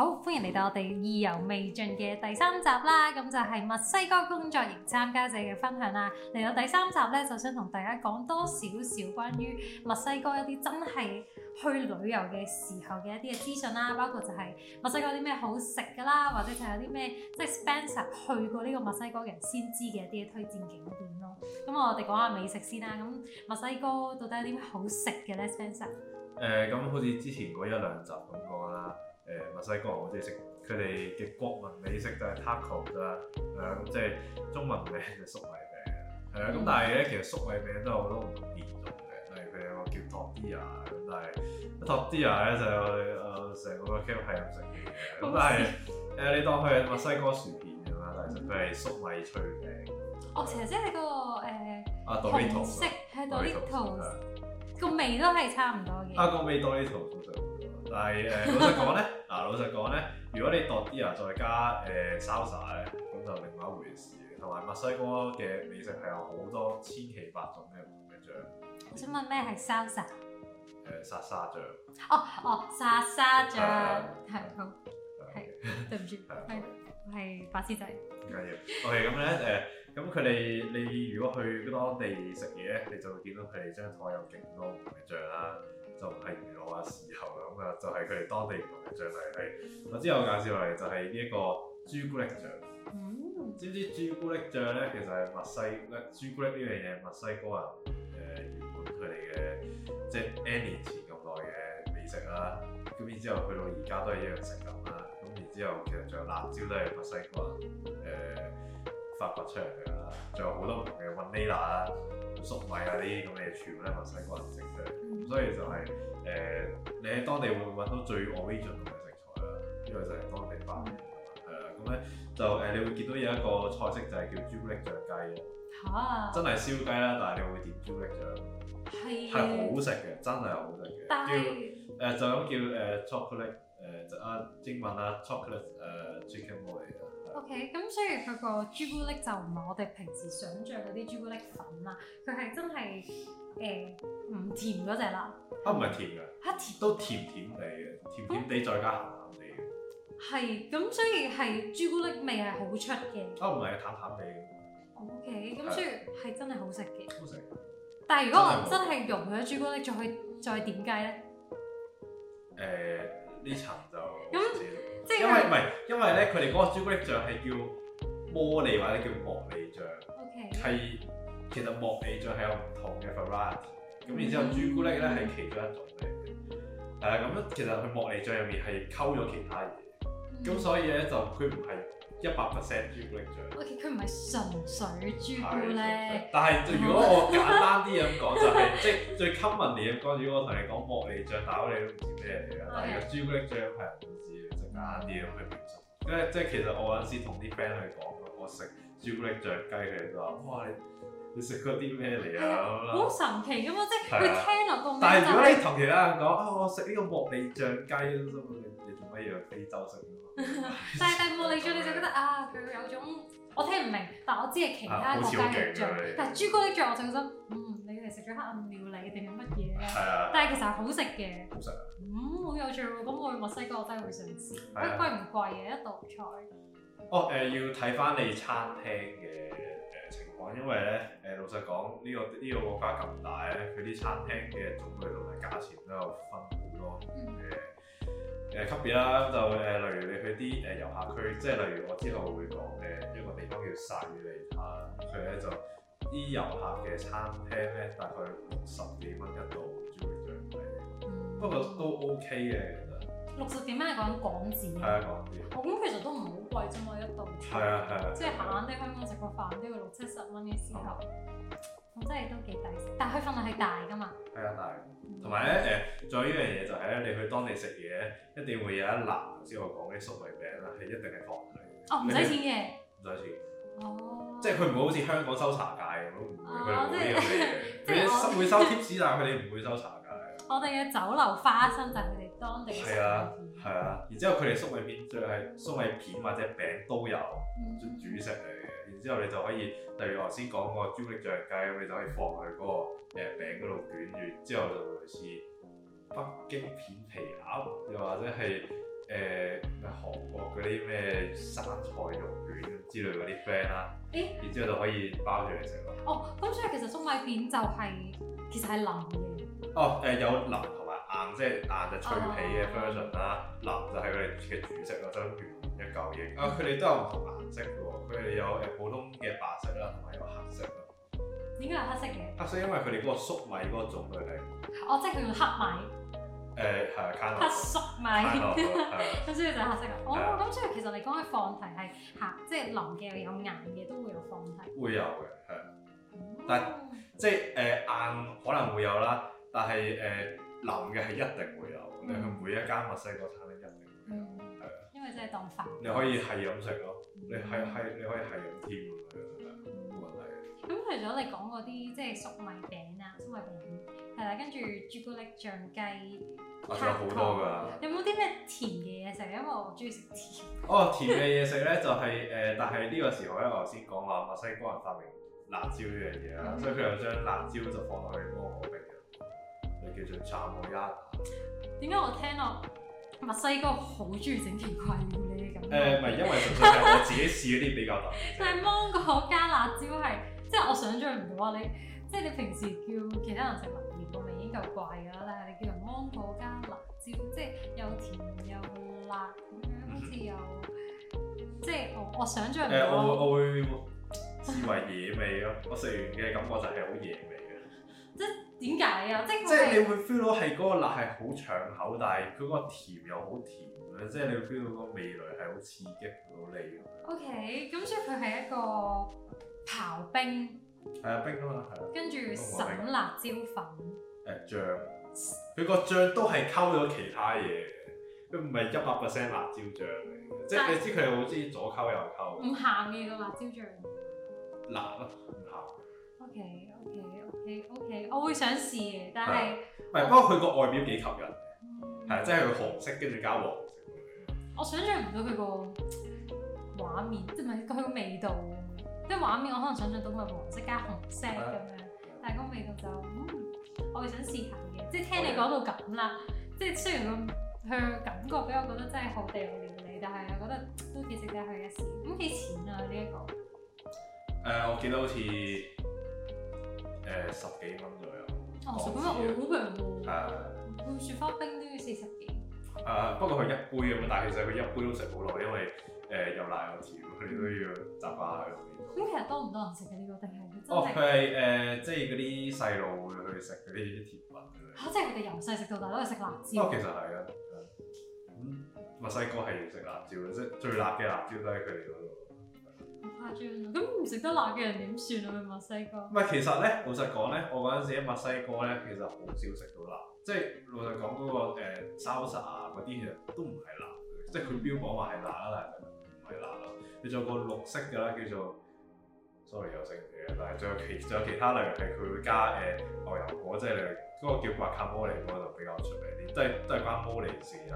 好，歡迎嚟到我哋義遊未盡嘅第三集啦！咁就係墨西哥工作營參加者嘅分享啦。嚟到第三集咧，就想同大家講多少少關於墨西哥一啲真係去旅遊嘅時候嘅一啲嘅資訊啦，包括就係墨西哥有啲咩好食㗎啦，或者就有啲咩即係 Spencer 去過呢個墨西哥人先知嘅一啲推薦景點咯。咁我哋講下美食先啦。咁墨西哥到底有啲咩好食嘅咧，Spencer？誒、呃，咁好似之前嗰一兩集咁講啦。誒，墨西哥我哋食佢哋嘅國民美食就係 taco 啦，係啊，即係中文名就粟米餅，係啊，咁但係咧其實粟米餅都有好多唔同變種嘅，例如佢有個叫 tortilla，但係 tortilla 咧就係誒成個 camp 係咁食嘅，咁但係誒你當佢係墨西哥薯片啊，但係佢係粟米脆餅。哦，姐姐你嗰個誒啊，Doritos 係 Doritos，個味都係差唔多嘅。啊，個味 Doritos 仲就唔錯，但係誒老實講咧，啊，老實講咧，如果你多啲啊，再加誒、呃、Salsa 咧，咁就另外一回事。同埋墨西哥嘅美食係有好多千奇百種嘅唔同嘅醬。我想問咩係 Salsa？呃、沙沙醬。哦哦，沙沙醬，係好，係 Okay. 對唔住，係係 法師仔。唔緊要，OK 咁咧誒，咁佢哋你如果去當地食嘢，你就會見到佢哋張台有勁多唔同嘅醬啦。就唔係娛樂嘅時候咁啊，就係佢哋當地唔同嘅醬嚟，係。我之後我介紹嚟就係呢一個朱古力醬。嗯。知唔知朱古力醬咧，其實係墨西哥朱古力呢樣嘢，墨西哥人誒、呃、原本佢哋嘅即係 N 年前咁耐嘅美食啦。咁然之後去到而家都係一樣食咁啦。咁然之後其實仲有辣椒都係墨西哥人誒。呃發掘出嚟㗎啦，仲有好多唔同嘅雲呢拿啊、粟米啊呢啲咁嘅嘢全部咧墨西哥人食嘅，咁所以就係誒你喺當地會揾到最 origin 嘅食材啦，因為就係當地發明嘅，係啦，咁咧就誒你會見到有一個菜式就係叫朱古力醬雞啊，嚇！真係燒雞啦，但係你會點朱古力醬，係係好食嘅，真係好食嘅，叫誒就咁叫誒 chocolate 誒一英文啊 chocolate 誒 chicken wing 啊。OK，咁所以佢個朱古力就唔係我哋平時想像嗰啲朱古力粉啦，佢係真係誒唔甜嗰隻啦。啊，唔係甜啊。嚇，甜。都甜甜地嘅，甜甜地再加鹹鹹地嘅。係、嗯，咁所以係朱古力味係好出嘅。啊，唔係，淡淡地。OK，咁所以係真係好食嘅。好食的。但係如果我真係溶咗朱古力，再去再點計咧？誒、嗯，呢、呃、層就咁、嗯。嗯因為唔係，因為咧佢哋嗰個朱古力醬係叫茉莉或者叫茉莉醬，係 Okay. 其實茉莉醬係有唔同嘅 variety，咁、mm hmm. 然之後朱古力咧係其中一種嚟嘅，係、呃、啦，咁其實佢茉莉醬入面係溝咗其他嘢，咁、mm hmm. 所以咧就佢唔係一百 percent 朱古力醬，佢唔係純粹朱古力醬，古力醬，但係如果 我簡單啲咁講就係、是，即係 最 common 嘅講，如果我同你講茉莉醬，打到你都唔知咩嚟嘅，Okay. 但係朱古力醬係唔知啱啲咁嘅，因為即係其實我有陣時同啲 friend 去講我食朱古力醬雞，佢哋都話：哇，你你食過啲咩嚟啊？好的後神奇㗎嘛！即係佢聽落咁。但係如果你同其他人講：啊，我食呢個茉莉醬雞，你做乜嘢？非洲食㗎嘛？但係但係茉莉醬，你就覺得啊，佢有種我聽唔明，但係我知係其他國家嘅醬。的但係朱古力醬，我就覺得，嗯，你係食咗黑暗料理定係乜嘢啊？係啊！的的但係其實係好食嘅。好食。好有趣喎！咁我去墨西哥，我都會想試，啊、貴唔貴嘅一道菜？哦誒、呃，要睇返你餐廳嘅誒情況，因為咧誒、呃，老實講呢、呢個呢、呢個國家咁大咧，佢啲餐廳嘅種類同埋價錢都有分好多。誒誒、嗯呃，級別啦，就誒、呃，例如你去啲誒遊客區，即係例如我之後會講嘅一個地方叫塞爾提亞，佢咧就啲遊客嘅餐廳咧，大概六十幾蚊一度。不過都 OK 嘅，其實六十幾蚊係講港紙。係啊，港紙。我覺得其實都唔好貴啫嘛，一度。係啊，係啊。即係行啱啲香港食個飯都要六七十蚊嘅時候，我真係都幾抵。但係佢份量係大㗎嘛。係啊，大。同埋咧誒，仲有呢樣嘢就係咧，你去當地食嘢，一定會有一籃頭先我講嘅粟米餅啦，係一定係放佢。哦，唔使錢嘅。唔使錢。哦。即係佢唔會好似香港收茶界咁樣，佢冇呢嘢。佢收會收貼士，但佢哋唔會收茶。我哋嘅酒樓花生就係佢哋當地，係啊，係啊。然之後佢哋粟米片，仲係粟米片或者餅都有煮食嚟嘅。嗯、然之後你就可以，例如頭先講個朱古力醬雞，你就可以放喺嗰個誒餅嗰度卷住，之後就類似北京片皮鴨，又或者係。誒，呃、韓國嗰啲咩生菜肉卷之類嗰啲 friend 啦，欸、然之後就可以包住嚟食咯。哦，咁所以其實粟米片就係、是、其實係腍嘅。哦，誒、呃、有腍同埋硬，即、就、係、是、硬就脆皮嘅 version 啦、哦，腍、嗯嗯、就係佢哋嘅主食，咯、嗯，即係圓圓一嚿嘢。啊、呃，佢哋都有唔同顏色嘅喎，佢哋有誒普通嘅白色啦，同埋有黑色咯。應該係黑色嘅。黑色因為佢哋嗰個粟米嗰個種類係。哦，即係佢用黑米。誒係啊，卡粟米，咁所以就黑色啦。我我覺得即係其實你講嘅放題係嚇，即係腍嘅有硬嘅都會有放題。會有嘅，係。但即係誒硬可能會有啦，但係誒腍嘅係一定會有。你去每一間墨西哥餐廳一定會有，係因為真係當飯。你可以係飲食咯，你係係你可以係飲添咁冇問題。咁除咗你講嗰啲即係粟米餅啊，粟米餅。係啦，跟住朱古力醬雞，我食好多噶。有冇啲咩甜嘅嘢食？因為我中意食甜。哦，甜嘅嘢食咧就係、是、誒， 但係呢個時候咧，我頭先講話墨西哥人發明辣椒呢樣嘢啦，嗯、所以佢就將辣椒就放落去芒果冰嘅，就叫做炸果一？點解我聽到我墨西哥好中意整甜怪呢啲嘅感覺唔係、欸、因為我自己試嗰啲比較辣。 但係芒果加辣椒係，即、就、係、是、我想象唔到啊你。即係你平時叫其他人食榴蓮，個味已經夠怪噶啦。但係你叫人芒果加辣椒，即係又甜又辣咁樣，好似又，即係我我想象唔到。我會我會視為野味咯。 我食完嘅感覺就係好野味嘅。即點解啊？即即係你會 feel 到係嗰個辣係好搶口，但係佢嗰個甜又好甜嘅，即係你會 feel 到個味蕾係好刺激到你咁樣 OK，咁所以佢係一個刨冰。係啊，冰啊嘛，係、啊。跟住着、嗯、省辣椒粉。誒醬、啊，佢個醬都係溝咗其他嘢，佢唔係一百 percent 辣椒醬嚟嘅，是即係你知佢好中意左溝右溝。唔鹹嘅個辣椒醬。辣咯、啊，唔鹹。O K O K O K O K，我會想試嘅，但係。係、啊，我不過佢個外表幾吸引，係啊、嗯，即係佢紅色跟住加黃色。我想象唔到佢個畫面，即係唔係佢個味道。即係畫面，我可能想像到佢黃色加紅色咁樣，啊、但係個味道就，嗯，我會想試下嘅。即係聽你講到咁啦，哦、即係雖然個佢感覺俾我覺得真係好地雷，但係我覺得都幾值得去一試。咁幾錢啊？呢、這、一個？誒、呃，我記得好似誒、呃、十幾蚊左右。哦，十幾蚊好平喎。誒。雪花冰都要四十幾。誒、啊，不過佢一杯咁樣，但係其實佢一杯都食好耐，因為。誒又、呃、辣又甜，佢哋都要習慣吓。咁其實多唔多人食嘅呢個，定係真係？哦，佢係誒，即係嗰啲細路會去食嗰啲甜品、啊。即係佢哋由細食到大都係食辣椒。不過哦，其實係啊，咁、嗯、墨西哥係要食辣椒嘅，即係最辣嘅辣椒都喺佢哋嗰度。好誇張，咁唔食得辣嘅人點算啊？去墨西哥。唔係，其實咧，老實講咧，我嗰陣時喺墨西哥咧，其實好少食到辣。即係老實講嗰、嗰個誒 salsa 啊，嗰啲其實都唔係辣嘅，即係佢標榜話係辣啊。但係。但啦，你仲有個綠色嘅啦，叫做，sorry，油性嘅，但係仲有其仲有其他例如係佢會加誒牛、呃、油果，即係嗰、那個叫瓜卡摩嚟嘅，就比較出名啲，都係都係關摩尼事啊。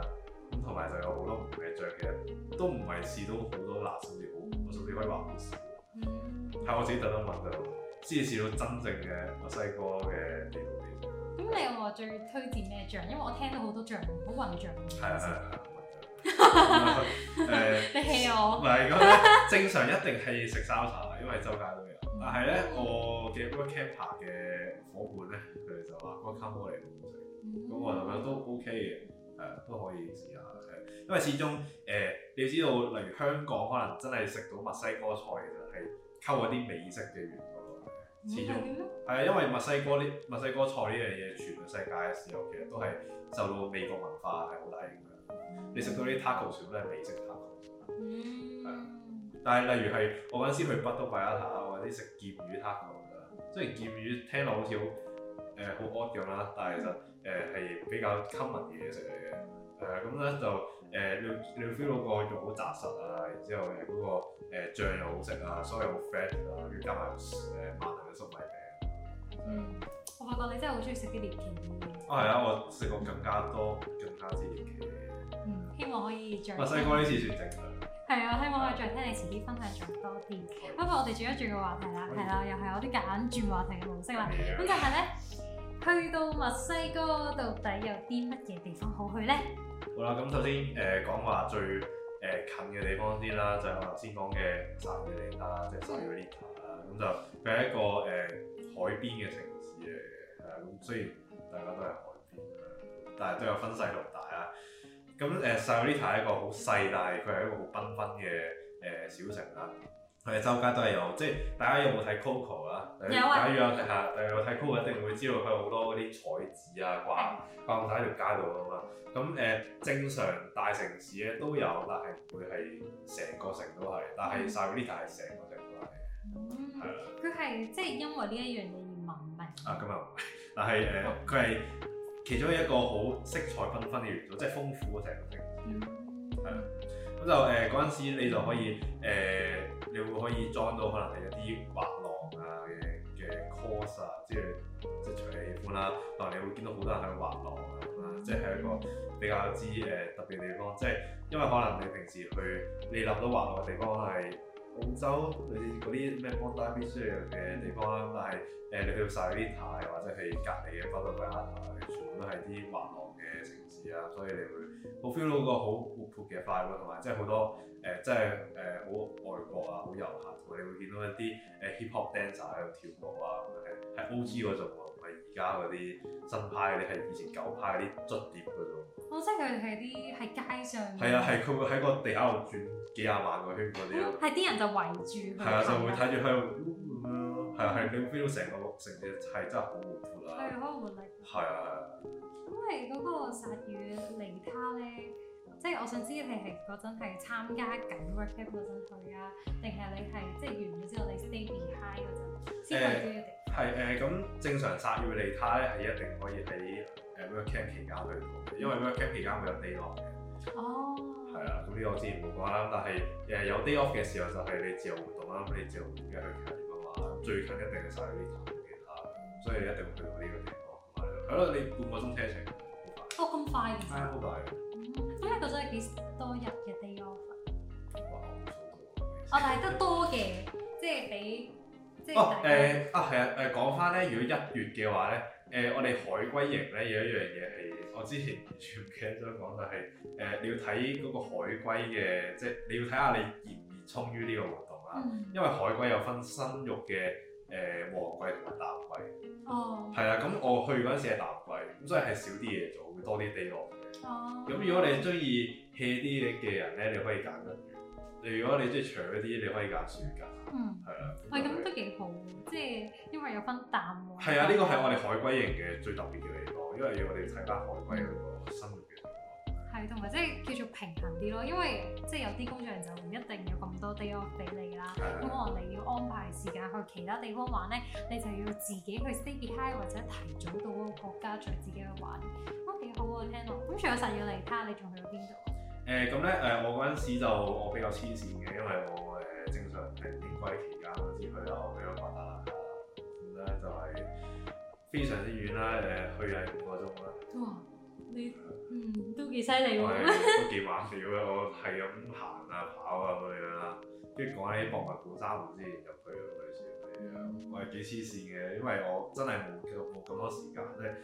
咁同埋就有好多唔同嘅醬嘅，都唔係試到好多、嗯、多辣，甚至好，甚至可以話好少。嗯，係我自己特登問就先試到真正嘅墨西哥嘅地道味。咁、嗯、你有冇話最推薦咩醬？因為我聽到好多醬好混醬。係啊係啊係啊。的 你 hea 我？唔係，咁正常，一定係食沙茶，因為周街都有。嗯、但係咧，我嘅 workcamp 嘅伙伴咧，佢哋就話嗰個卡莫尼好食，咁我就覺得都 OK 嘅，誒、嗯、都可以試下嘅。因為始終誒、呃，你要知道，例如香港可能真係食到墨西哥菜嘅，係溝嗰啲美式嘅元素咯。係啊、嗯，因為墨西哥呢、墨西哥菜呢樣嘢傳到世界嘅時候，其實都係受到美國文化係好大影響。你到 o，食到啲 taco 全部都係美式 taco，係啊，但係例如係我嗰陣時去北都買一下，或者食劍魚 taco 啦。雖然劍魚聽落好似好誒好 odd 樣啦，但係其實誒係比較 common 嘅嘢食嚟嘅。係咁咧就誒、呃、你你 feel 到個肉好紮實啊，然之後誒、那、嗰個誒、呃、醬又好食啊，所以好 fat 啊，跟住加埋誒萬能嘅粟米餅。嗯，嗯，我發覺你真係好中意食啲連件嘅啊，係啊，我食過更加多更加之連件。嗯希望可以再墨西哥呢次全程，係啊！希望可以再聽你遲啲分享仲多啲。不過的我哋轉一轉個話題啦，係啦的，又係有啲夾硬轉話題嘅模式啦。咁就係咧，去到墨西哥到底有啲乜嘢地方好去咧？好啦，咁頭先誒講話最誒、呃、近嘅地方啲啦，就係我頭先講嘅 Sayulita，即係 Sayulita 啊。咁就佢係一個誒、呃、海邊嘅城市嚟嘅，係啊。咁雖然大家都係海邊啊，但係都有分細同大啊。咁誒，Sayulita 係一個好細，但係佢係一個好繽紛嘅誒小城啦。佢哋周街都係有，即係大家有冇睇 Coco 啊有？有啊。假如下有睇有睇 Coco，一定會知道佢有好多嗰啲彩紙啊、掛掛晒喺條街度啊嘛。咁誒、呃，正常大城市咧都有，但係唔會係成個城都係。嗯、但係 Sayulita 係成個城都係嘅，佢係即係因為呢一樣嘢而聞名。啊，咁又唔係，但係誒，佢係。呃 其中一個好色彩繽紛嘅元素，即係豐富嘅成個景緻，咁、嗯、就誒嗰陣時，你就可以誒、呃，你會可以 join 到可能係一啲滑浪啊嘅嘅 course 啊之類，即係隨你喜歡啦。當然你會見到好多人喺度滑浪啊，咁啊，即係一，啊、一個比較之誒特別嘅地方。即係、嗯、因為可能你平時去，你諗到滑浪嘅地方係。澳洲類似嗰啲咩 Bondi Beach 之類嘅地方啦，但係誒你去曬啲台，呃、ita, 或者去隔離嘅布拉格啲台，an, 全部都係啲滑浪嘅城市啊，所以你會好 feel 到個好活潑嘅快活，同埋即係好多誒，即係誒好外國啊，好遊客，同你會見到一啲誒 hip hop dancer 喺度跳舞啊，咁樣嘅，係 O G 嗰種喎。家嗰啲新派，你係以前舊派嗰啲捽碟噶啫。哦，即係佢哋係啲喺街上。係啊，係佢會喺個地下度轉幾廿萬個圈嗰啲。係啲、啊、人就圍住佢。係啊，就會睇住佢咁樣。係、嗯、啊，係你 feel 到成個城市係真係好活潑啊。係好活力。係啊。啊因為嗰個殺羽離他咧，即、就、係、是、我想知你係嗰陣係參加緊 work camp 嗰陣去啊，定係你係即係完咗之後你 stay behind 嗰陣先去係誒，咁正常殺月利他咧，係一定可以喺誒 work camp 期間去到，因為 work camp 期間會有 day off 嘅。哦、oh。係啊，咁呢個我自然冇講啦。但係誒有 day off 嘅時候就係你自由活動啦，咁你自由活動嘅去近啊嘛，就是、最近一定係殺月利他，所以你一定會去到呢個地方，係咯。你半個鐘車程好快。哦，咁快㗎？係、哎嗯、啊，好快。咁你覺得係幾多日嘅 day off？哇，好、哦、但係得多嘅， 即係比。哦，誒啊係啊，誒講翻咧，如果一月嘅話咧，誒、呃、我哋海龜營咧有一樣嘢係，我之前完全唔記得咗講就係，誒你、呃、要睇嗰個海龜嘅，即係你要睇下你熱唔熱衷於呢個活動啦，嗯、因為海龜有分生肉嘅誒旺季同埋淡季，呃、哦，係啊，咁我去嗰陣時係淡季，咁所以係少啲嘢做，會多啲地攞嘅，哦，咁如果你中意 hea 啲嘅人咧，你可以揀㗎。你如果你即係除咗啲，你可以揀暑假，係啊、嗯，係咁都幾好，即係因為有分淡旺季。係啊，呢個係我哋海龜型嘅最特別嘅地方，因為我哋要睇翻海龜嗰個生活嘅情況。係，同埋即係叫做平衡啲咯，因為即係有啲工作人就唔一定要有咁多 day off 俾你啦。咁可能你要安排時間去其他地方玩咧，你就要自己去 stay behind 或者提早到嗰個國家，隨自己去玩。都幾好喎，聽落。咁除咗實要嚟睇下，你仲去到邊度？誒咁咧誒，我嗰陣時就我比較黐線嘅，因為我誒正常誒唔應該填噶，我知佢比我俾咗份啊，咁咧就係非常之遠啦，誒去係五個鐘啦。哇！你嗯都幾犀利都幾巧妙啊！我係咁行啊跑啊咁樣啦，跟住講起博物館三之前入去啊，我哋先嚟啊！我係幾黐線嘅，因為我真係冇冇咁多時間咧，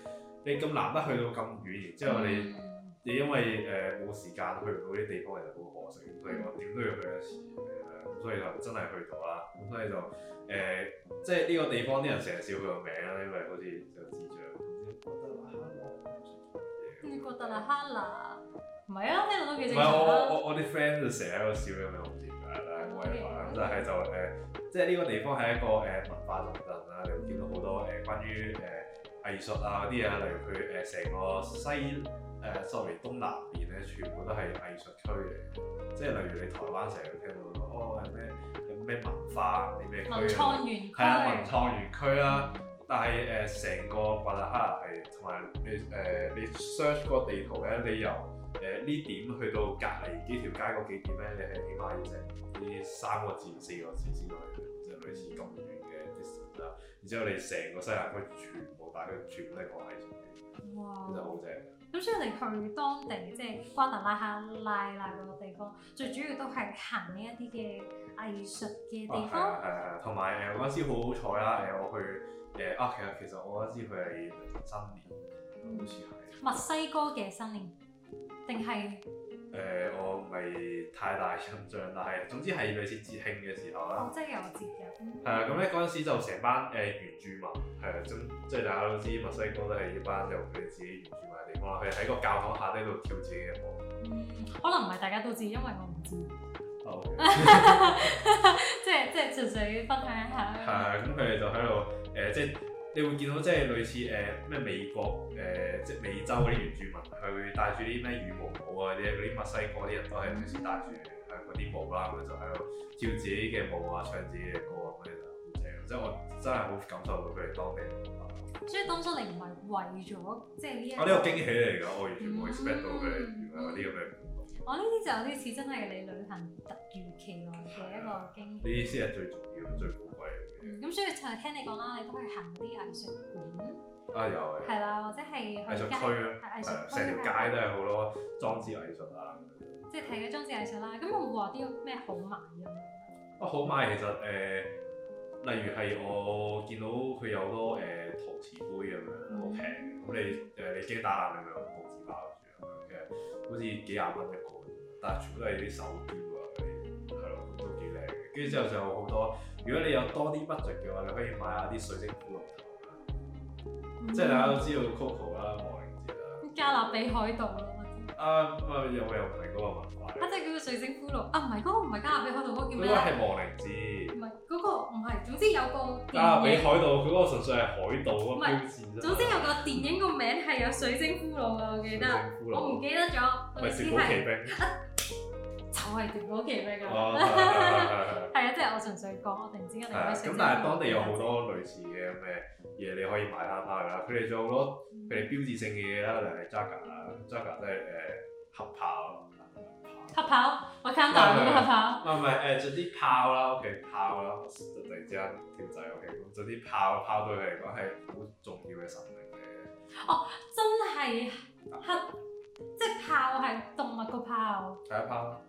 即係。你咁難得去到咁遠，然之後你。嗯你因為誒冇時間去唔到啲地方，其實好可惜，所以話點都要去一次誒，咁所以就真係去到啦。咁所以就誒、呃，即係呢個地方啲人成日笑佢個名啦，因為好似就智障咁樣。你、啊嗯、覺得啊？Hala 唔係啊？呢度都幾正常，唔係我我我啲 friend 就成日喺度笑咁樣點噶啦，我哋話咁就係就誒，呃、即係呢個地方係一個誒文化重鎮啦，你會見到好多誒關於誒藝術啊嗰啲啊，例如佢誒成個西。Sorry，東南邊咧，全部都係藝術區嚟嘅，即係例如你台灣成日都聽到哦，係咩？係咩文化？啲咩區啊？文創園區係啊，的文創園區啦。昌但係誒，成、呃、個白拉克係同埋你誒，你 search 個地圖咧，你由誒呢點去到隔離幾條街嗰幾點咧，你係起碼要成呢三個字、四個字之類嘅，即係類似咁遠嘅地點啦。然之後你成個西南區全部擺，全部都係個藝術哇，真係好正。咁、嗯、所以你去當地，即係瓜達拉哈拉嗰個地方，最主要都係行呢一啲嘅藝術嘅地方。係同埋誒嗰陣時好好彩啦！誒、啊啊、我，我去誒啊，其實其實我嗰陣時佢係新年，好似係墨西哥嘅新年定係？誒、呃，我唔係太大印象，但係總之係嗰陣時節慶嘅時候啦。哦，即係有節日。係啊、嗯，咁咧嗰陣時就成班誒、呃、原住民，係啊，咁即係大家都知墨西哥都係一班由佢哋自己原住民嘅地方，佢喺個教堂下低度跳自己嘅舞。嗯，可能唔係大家都知，因為我唔知。啊，即係即係純粹分享一下。係，咁佢哋就喺度誒，即係。你會見到即係類似誒咩、呃、美國誒、呃、即係美洲嗰啲原住民，佢會帶住啲咩羽毛帽啊，或者嗰啲墨西哥啲人都係平時戴住係嗰啲帽啦，咁、嗯嗯、就喺度跳自己嘅舞啊，唱自己嘅歌啊，咁樣就好正。即係我真係好感受到佢哋當地文化。所以當初你唔係為咗即係呢一，呢、即係呢個啊這個驚喜嚟㗎！我完全冇 expect 到佢哋原來嗰啲咁嘅。嗯我呢啲就有啲似真係你旅行突如其來嘅一個經歷。呢啲先係最重要、最寶貴嘅。咁、嗯、所以就係聽你講啦，你都係行啲藝術館。啊有、哎哎。係啦，或者係藝術區咯、啊，成條街都係好多裝置藝術啊。即係睇嗰裝置藝術啦，咁有冇話啲咩好買咁啊？好買其實誒、呃，例如係我見到佢有好多誒、呃、陶瓷杯咁樣，好平。咁、嗯、你誒你自己、呃、打爛佢咪？好似幾廿蚊一個，但係全部都係啲手錶啊，係咯，都幾靚嘅。跟住之後就有好多，如果你有多啲 budget 嘅話，你可以買下啲水晶骷髏頭啦。即係大家都知道 Coco 啦，亡靈節啦。加勒比海盜咯。啊，咁啊有冇有唔係嗰個文化咧？啊，即係嗰個水晶骷髏啊，唔係嗰個，唔係加勒比海盜嗰個叫咩咧？嗰個係亡靈節。唔係，嗰個唔係，總之有個。啊！比海盜，佢嗰個純粹係海盜嘅標誌。唔係，總之有個電影，啊那個，個電影個名係有水晶骷髏啊！我記得，我唔記得咗。唔係是類似《奪寶奇兵》啊。就係《奪寶奇兵》㗎。係啊，即係對對我純粹講，我突然之間另外咁，但係當地有好多類似嘅咩嘢，嗯、你可以買趴趴㗎。佢哋做好多佢哋標誌性嘅嘢啦，例如 Jagga 啦 Jagga 即係誒、呃、合拍。黑、 啊、豹？我睇到，啊、有冇豹豹。唔係唔係，誒做啲豹啦，屋企豹啦，就第二張條仔屋企做啲豹，豹對佢嚟講係好重要嘅神明嘅。哦，真係，黑，即係豹係動物個豹。第一豹，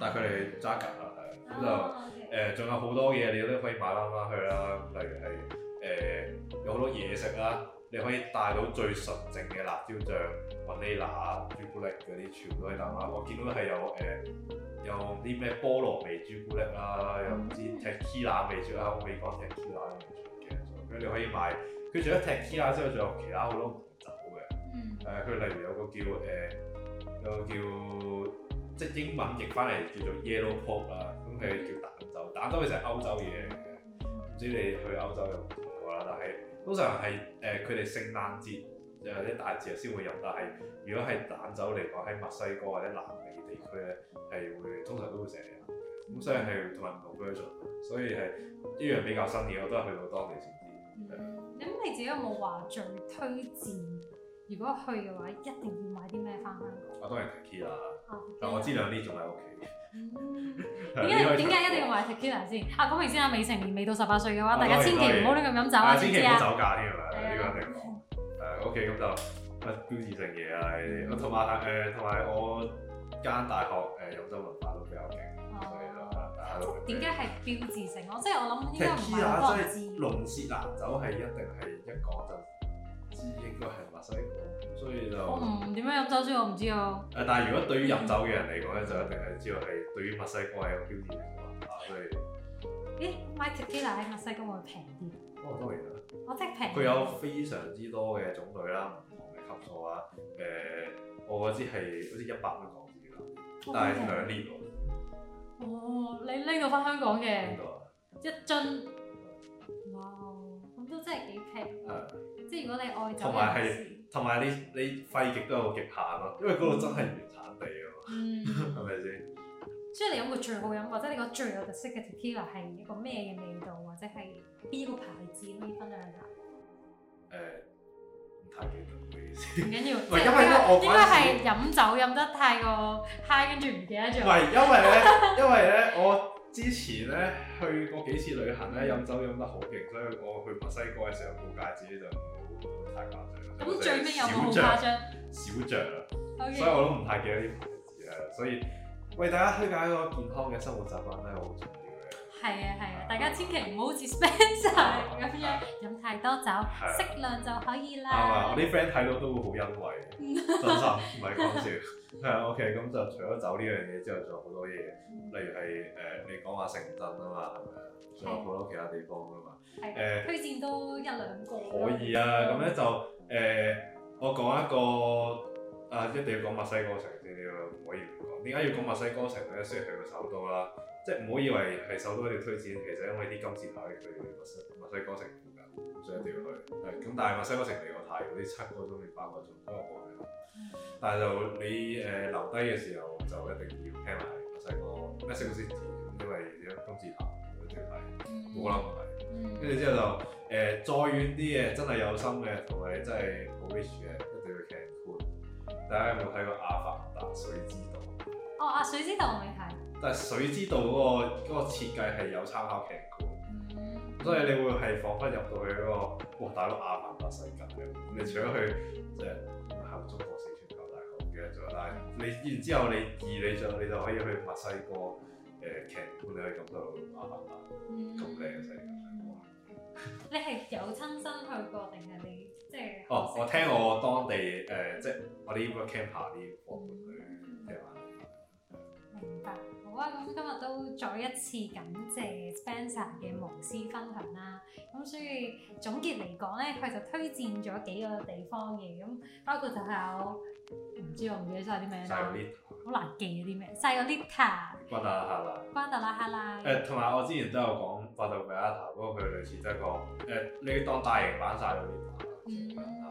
但係佢哋揸緊啦，咁就誒仲有好多嘢你都可以買翻翻去啦，例如係誒、呃、有好多嘢食啦。你可以帶到最純正嘅辣椒醬、雲呢拿朱古力嗰啲，全部都可以攬。我見到係有誒、呃，有啲咩菠蘿味朱古力啦，又唔、嗯、知 tequila 味朱啦。我未講 tequila 啲嘢朱，咁你可以買。佢除咗 tequila 之外，仲有其他好多酒嘅。嗯。佢、呃、例如有個叫誒、呃，有個叫即係英文譯翻嚟叫做 yellow pop 啦，咁佢叫蛋酒。蛋酒其實係歐洲嘢嚟嘅，唔、嗯、知你去歐洲有冇？通常係誒佢哋聖誕節誒啲、呃、大節日先會飲，但係如果係蛋酒嚟講，喺墨西哥或者南美地區咧係會、嗯、通常都會成日飲嘅，咁、嗯、所以係同埋唔同 version 所以係一樣比較新嘅，我都係去到當地先知。咁、嗯係嗯、你自己有冇話最推薦？如果去嘅話，一定要買啲咩翻香港？我當然 tequila 啦，但我知兩啲仲喺屋企。點解點解一定要買 tequila 先？啊，講明先嚇，未成年未到十八歲嘅話，大家千祈唔好亂咁飲酒啊，知唔知啊？千祈唔好酒駕添係咪？呢個一定誒，OK，咁就乜標誌性嘢啊？同埋誒，同埋我間大學誒，飲酒文化都比較勁，所以大家點解係標誌性？我即係我諗，應該唔係個標誌。龍舌蘭酒係一定係一個就。知應該係墨西哥，所以就、嗯、我唔點樣飲酒先，我唔知道啊。誒，但係如果對於飲酒嘅人嚟講咧， 就一定係知道係對於墨西哥係一個標誌嚟㗎，嚇，所以咦，買雪茄喺墨西哥我會平啲？當然啦，我即係平。佢有非常之多嘅種類啦，唔同嘅級數啊。誒、呃，我嗰支係好似一百蚊港紙㗎，但係兩年喎。哦，你拎到翻香港嘅？邊度啊？一樽。哇，咁都真係幾平。係。即如果你愛同埋係，同埋你你肺極都有個極限咯，嗯、因為嗰度真係原產地啊嘛，係咪先？即係 你飲過最好飲，或者你覺最有特色嘅 tequila 係一個咩嘅味道，或者係邊個牌子？可以分享下？誒、呃，唔太記得，唔緊要。唔係 因為因為我應該係飲酒飲得太過嗨，跟住唔記得咗。唔因為咧，因為咧，我之前咧去過幾次旅行咧，飲酒飲得好勁， 所以我去墨西哥嘅時候冇戒指咧就。太咁最尾又冇咁誇張，少著，所以，Okay. 所以我都唔太記得啲牌子啦。所以，為大家推介一個健康嘅生活習慣咧。係啊係啊，大家千祈唔好好似 Spencer 咁樣，飲太多酒，適量就可以啦。係嘛，我啲 friend 睇到都會好欣慰。真心唔係講笑。係啊，OK，咁就除咗酒呢樣嘢之後，仲有好多嘢，例如係誒，你講下城鎮啊嘛，仲有好多其他地方㗎嘛。係誒，推薦都一兩個。可以啊，咁咧就誒，我講一個啊，一定要講墨西哥城先，唔可以唔講。點解要講墨西哥城咧？雖然佢嘅首都啦。即係唔好以為係受到一啲推薦，其實因為啲金字塔佢墨，墨西哥城附近，所以一定要去。係咁，但係墨西哥城離我太遠，啲七個鐘定八個鐘都我過嘅，但係就你誒、呃、留低嘅時候，就一定要聽埋墨西哥 Mexico City 因為金字塔一定要睇，冇乜問題。跟住、嗯、之後就誒、呃、再遠啲嘅，真係有心嘅同埋真係好 wish 嘅，一定要企。大家有冇睇過《阿凡達水之道》？哦啊！水之道，我未睇，但係水之道嗰、哦這個嗰個設計係有參考劇嘅，嗯、所以你會係彷彿入到去一個哇，大陸阿凡達世界咁。你除咗去即係行中國四處各大舊嘅咗，但係你然之後你二你就你就可以去墨西哥誒、呃、劇本，你可以講到阿凡達咁靚嘅世界。你係有親身去過定係你即係？哦，我聽我當地誒、嗯呃，即係我哋 work camp 啲夥伴去。明白好啊！咁今日都再一次感謝 Spencer 嘅無私分享啦。咁所以總結嚟講咧，佢就推薦咗幾個地方嘅咁，包括就係我唔知，我唔記得晒啲咩細個啲，好難記嗰啲咩細個啲，塔瓜達拉哈拉啦，瓜達拉哈拉啦。誒同埋我之前都有講巴豆貝拉塔，不過佢類似即係一個誒，你當大型版曬嗰啲。嗯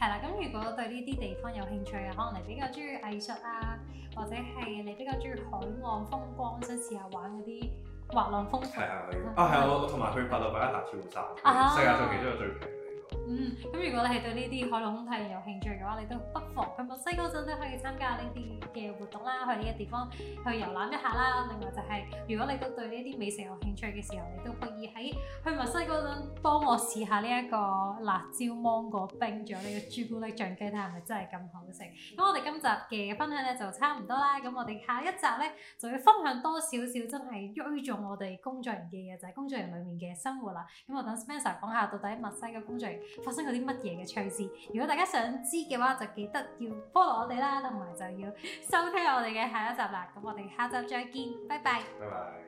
係啦，咁如果對呢啲地方有興趣嘅，可能你比較中意藝術啊，或者係你比較中意海岸風光，即試下玩嗰啲滑浪風帆。係啊，係我同埋去法國一笪跳傘，的啊、世界上其中一個最平。的嗯，咁如果你係對呢啲海陸空體有興趣嘅話，你都不妨去墨西哥嗰陣都可以參加呢啲嘅活動啦，去呢個地方去遊覽一下啦。另外就係如果你都對呢啲美食有興趣嘅時候，你都可以喺去墨西哥嗰陣幫我試下呢一個辣椒芒果冰，仲有呢個朱古力醬雞，睇係咪真係咁好食？咁我哋今集嘅分享咧就差唔多啦，咁我哋下一集咧就會分享多少少真係追中我哋工作營嘅嘢，就係、是、工作營裡面嘅生活啦。咁我等 Spencer 講下到底墨西哥工作營發生過啲乜嘢嘅趣事？如果大家想知嘅話，就記得要 follow 我哋啦，同埋就要收聽我哋嘅下一集啦。咁我哋下集再見，拜拜。拜拜。